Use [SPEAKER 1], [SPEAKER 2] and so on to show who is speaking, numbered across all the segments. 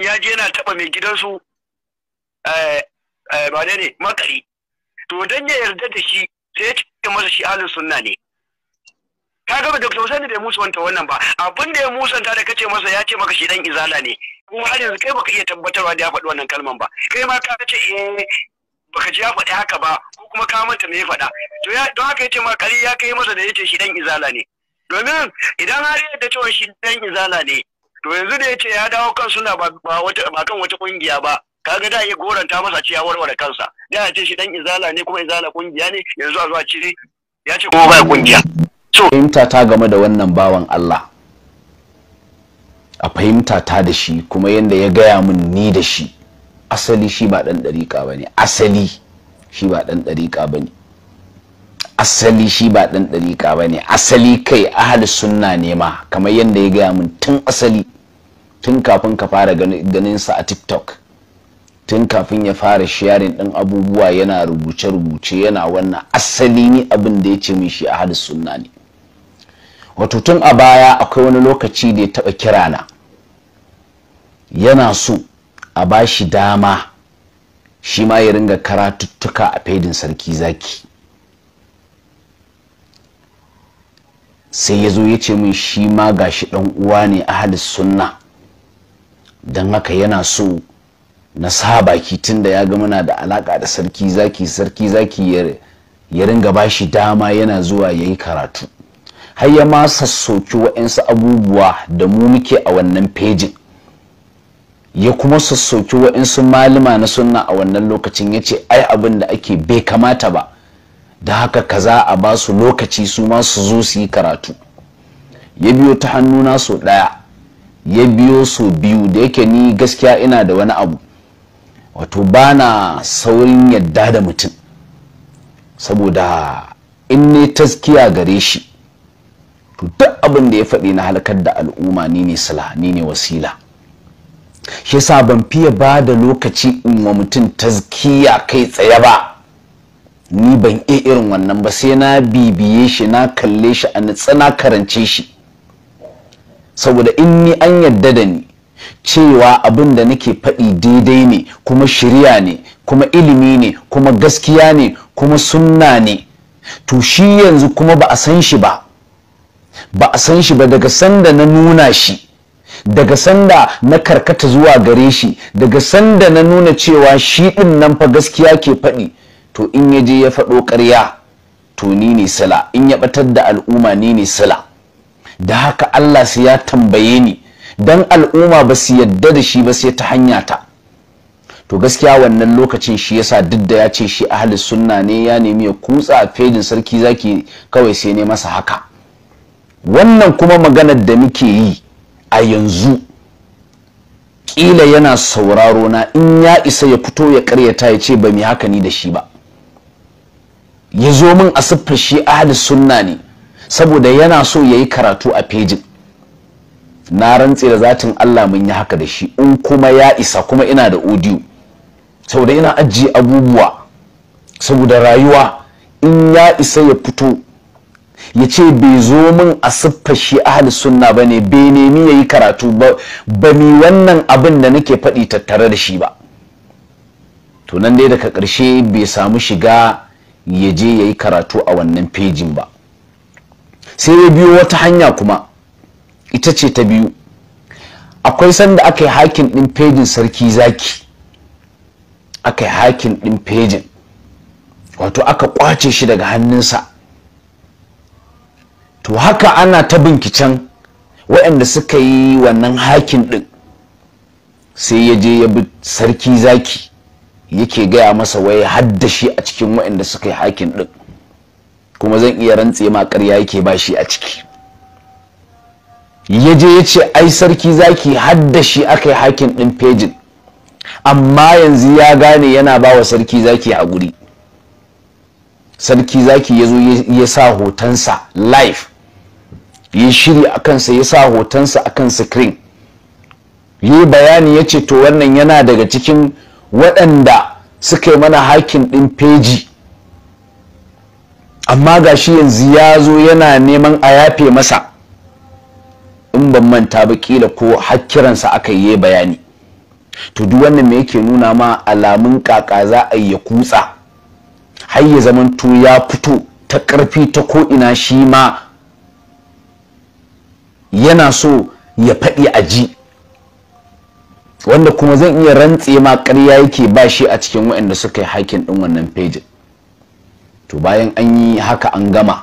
[SPEAKER 1] ya je yana taɓa mai gidansu ba eh, eh, ne ne makari to dan ya yarda da shi sai ya ce masa shi alin sunna ne ka ga da kusa da ya musanta wannan ba abin da ya musanta da kace masa ya ce maka shi dan izala ne kuma har yanzu kai baka iya tabbatarwa da ya faɗi wannan kalman ba kai ma ka ce eh baka ji ya faɗi haka ba ko kuma ka manta me ya faɗa to ya don haka yace ce makari ya kai masa da yace shi dan izala ne domin idan har yadda cewa shi dan izala ne to yanzu da ce ya dawo kan suna ba kan wata kungiya ba kaga da ya goranta masa ce ya warware kansa da ya ce shi dan izala ne kuma izala kungiya ne yanzu a zuwa cire ya ce kuma ba kungiya so fahimta ta game da wannan bawan Allah a fahimta ta da shi kuma yanda ya gaya min ni da shi asali shi ba dan dariƙa bane asali shi ba dan dariƙa bane asali shi ba dan dariƙa bane asali kai ahli sunna ne ma kamar yanda ya gaya min tun asali tun kafin ka fara ganin sa a tiktok tun kafin ya fara sharin ɗin abubuwa yana rubuce-rubuce yana wannan asali ne abin da ya ce min shi a hadis sunna ne wato tun a baya akwai wani lokaci da ya taba kirana yana so a ba shi dama shi ma ya ringa karatuttuka a faidin sarki zaki sai ya zo ya ce min shi ma gashi ɗan uwa ne a hadis sunna don haka yana so na sa baki tunda ya ga muna da alaka da sarki zaki sarki zaki ya ringa ba shi dama yana zuwa ya yi karatu har ya ma sassoki wa'insu abubuwa da mu muke a wannan fejin ya kuma sassoki wa'insu malama na sunna a wannan lokacin ya ce ai abin da ake bai kamata ba da haka kaza a ba su lokaci su ma su zo su yi karatu ya biyo ta hannuna sau ɗaya ya biyo su biyu da yake ni gaskiya ina da wani abu wato ba na saurin yadda da mutum saboda in ne taskiya gare shi to duk abin da ya faɗi na halakar da al'umma ni ne sila ni ne wasila shi yasa ban fiye ba da lokaci in wa mutum taskiya kai tsaye ba ni ban iya irin wannan ba sai na bibiye shi na kalle shi a na karance shi saboda in ni an yadda da ni cewa abin da nake faɗi daidai ne kuma shirya ne kuma ilimi ne kuma gaskiya ne kuma sunna ne to shi yanzu kuma ba a san shi ba ba a san shi ba daga sanda na nuna shi daga sanda na karkata zuwa gare shi daga sanda na nuna cewa shi ɗin nan fa gaskiya ke faɗi to in ya je ya faɗo ƙarya to ni ne sila in ya ɓatar da al'umma ni ne sila da haka Allah sai ya tambaye ni dan al'umma ba su yadda da shi ba sai ta hanya ta to gaskiya wannan lokacin shi yasa duk da ya ce shi ahli sunna ne ya nemi ya kutsa a fejin sarki zaki kawai sai ne masa haka wannan kuma maganar da muke yi a yanzu kila yana sauraro na in ya isa ya fito ya karyata ya ce ba mu haka ni da shi ba ya zo min a siffar shi ahli sunna ne saboda yana so ya yi karatu a fejin na rantse da zatin Allah mun yi haka da shi in kuma ya isa kuma ina da odiyo. saboda ina ajiye abubuwa saboda rayuwa in ya isa ya fito ya ce bai zo min a siffashi shi ahli sunna ba ne bai nemi ya yi karatu ba ba mi wannan abin da nake faɗi tattare da shi ba to nan dai daga ƙarshe bai samu shiga ya je ya yi karatu a wannan fejin ba sai ya biyo wata hanya kuma ita ce ta biyu akwai sanda aka yi hakin ɗin fejin sarki zaki aka yi hakin ɗin fejin wato aka kwace shi daga hannunsa to haka ana ta binkicen waɗanda suka yi wannan hakin ɗin sai ya je ya bi sarki zaki yake gaya masa waye haddashi a cikin waɗanda suka yi hakin ɗin kuma zan iya rantse ma ƙarya yake ba shi a ciki Yaje yace ai sarki zaki hadda shi aka yi hakin ɗin fejin amma yanzu ya gane yana ba wa sarki zaki a guri sarki zaki ya zo ya sa hotonsa live ya shiri a kansa ya sa hotonsa a kan screen yi bayani yace to wannan yana daga cikin waɗanda suka yi mana hakin ɗin feji amma ga shi yanzu ya zo yana neman a yafe masa in ban manta ba kila ko hakkiransa aka yi bayani to duk wannan me yake nuna ma alamun kaka za a yi kutsa har ya zaman zamanto ya fito ta ƙarfi ta ko ina shi ma yana so ya faɗi a ji wanda kuma zan iya rantse ma ƙarya yake ba shi a cikin waɗanda suka yi hakin ɗin wannan fejin to bayan an yi haka an gama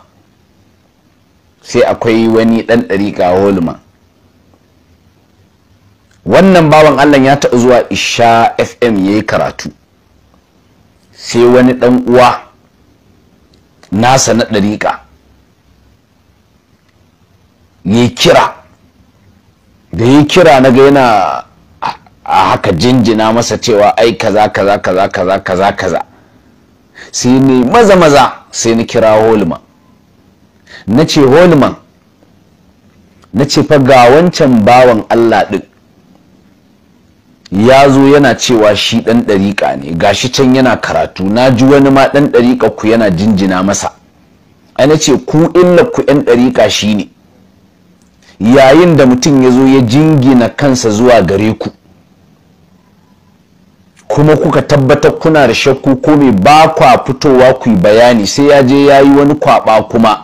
[SPEAKER 1] sai akwai wani ɗan ɗariƙa holman wannan bawan allah ya taɓa zuwa isha fm ya yi karatu sai wani ɗan uwa nasa na ɗariƙa ya kira da ya kira na ga yana a haka jinjina masa cewa ai kaza kaza kaza kaza kaza kaza sai ni maza maza sai na kira holman na ce holman na ce fa ga wancan bawan allah ɗin ya zo yana cewa shi ɗan ɗariƙa ne gashi can yana karatu na ji wani ma ɗan ɗariƙa ku yana jinjina masa a na ce ku illa ku ɗan ɗariƙa shi ne yayin da mutum ya zo ya jingina kansa zuwa gare ku kuma kuka tabbatar kuna da shakku ko me ba kwa fitowa ku yi bayani sai ya je ya yi wani kwaɓa kuma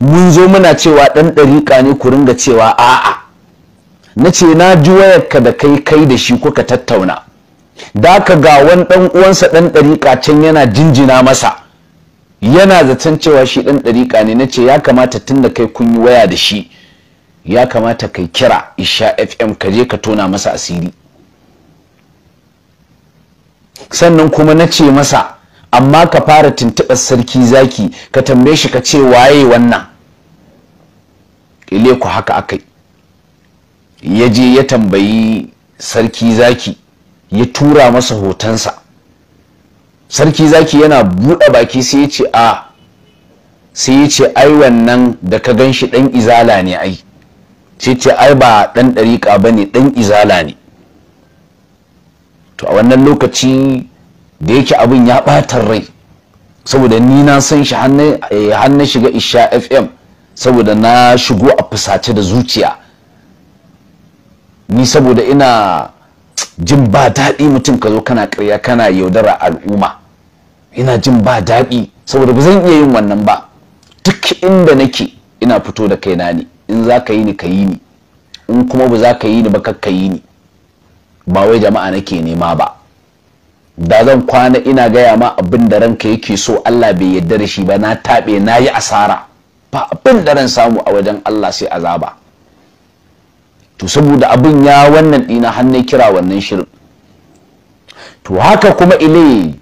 [SPEAKER 1] mun zo muna cewa ɗan ɗariƙa ne ku ringa cewa a'a na ce na ji wayarka da kai kai da shi kuka tattauna da ka ga wani ɗan uwansa ɗan ɗariƙa can yana jinjina masa yana zaton cewa shi ɗan ɗariƙa ne na ce ya kamata tun da kai kun yi waya da shi ya kamata kai kira isha fm ka je ka tona masa asiri sannan kuma na ce masa amma ka fara tuntuɓar sarki zaki ka tambaye shi ka ce waye wannan ile ku haka akai ya je ya tambayi sarki zaki ya tura masa hotonsa sarki zaki yana buɗe baki sai ya ce a sai ya ce ai wannan da ka ganshi shi ɗan izala ne ai sai ce ai ba ɗan ɗariƙa ba ne ɗan izala ne to a wannan lokaci da yake abin ya ɓatar rai saboda ni na san shi hannun eh, shiga isha fm saboda na shigo a fusace da zuciya ni saboda ina jin ba daɗi mutum ka zo kana karya kana yaudara al'umma ina jin ba daɗi saboda ba zan iya yin wannan ba duk inda nake ina fito da kaina ne in za ka yi ni ka yi ni in kuma ba za ka yi ni ba ka yi ni ba wai jama'a nake nema ba da zan kwana ina gaya ma abin da ranka yake so Allah bai yarda da shi ba na taɓe na yi asara ba abin da ran samu a wajen Allah sai azaba to saboda abin ya wannan ɗina hannun kira wannan shirin to haka kuma ile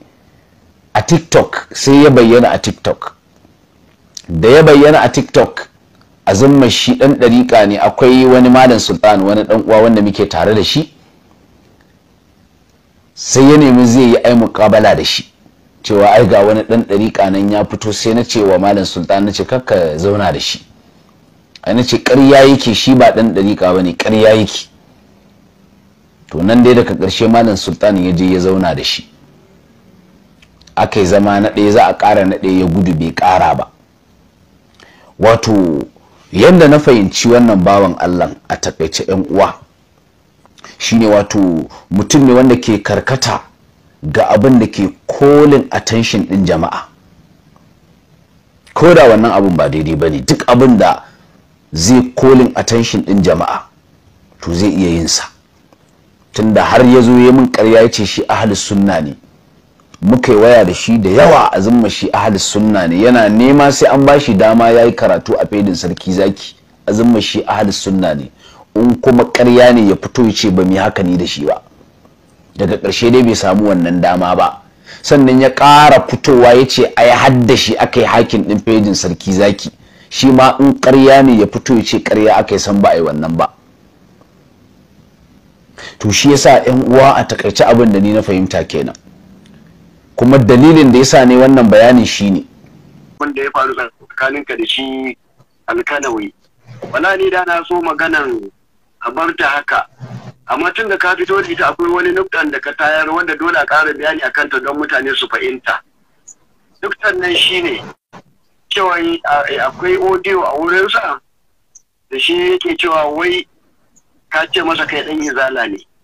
[SPEAKER 1] a tiktok sai ya bayyana a tiktok da ya bayyana a tiktok a shi ɗan ɗariƙa ne akwai wani malam sultan wani ɗan uwa wanda muke tare da shi sai ya nemi zai yi ai muƙabala da shi cewa ai ga wani ɗan ɗariƙa nan ya fito sai na ce wa malam sultan na ce kakka zauna da shi a na ce ƙarya yake shi ba ɗan ɗariƙa ba ne ƙarya yake to nan dai daga ƙarshe malam sultan ya je ya zauna da shi aka yi zama na ɗaya za a ƙara na ɗaya ya gudu bai ƙara ba wato yadda na fahimci wannan bawan allah a taƙaice 'yan uwa shine wato mutum ne wanda ke karkata ga abin da ke kolin attention din jama'a ko da wannan abin ba daidai ba ne duk abin da zai kolin attention din jama'a to zai iya yin sa tunda har ya zo ya min karya ya ce shi ahalus sunna ne muka yi waya da shi da yawa a zumma shi ahalus sunna ne yana nema sai an bashi dama ya yi karatu a fedin sarki zaki a zumma shi ahalus sunna ne in kuma ƙarya ne ya fito ya ce ba mu haka ni da shi ba daga ƙarshe dai bai samu wannan dama ba sannan ya ƙara fitowa ya ce yi hadda shi aka yi hakin ɗin fejin sarki zaki shi ma in ƙarya ne ya fito ya ce ƙarya aka yi san ba a yi wannan ba to shi yasa ƴan uwa a takaice abin da ni na fahimta kenan kuma dalilin da yasa ne wannan bayanin ne. wanda ya faru tsakaninka da shi alkanawai wala ni da na so maganan a bar ta haka amma tun da ka fito da ita akwai wani nuktan da ka tayar wanda dole a ƙara bayani a kanta don mutane su fahimta nuktan nan ne, cewa akwai odiyo a wurinsa da shi yake cewa wai ka ce masa kai ɗan izala ne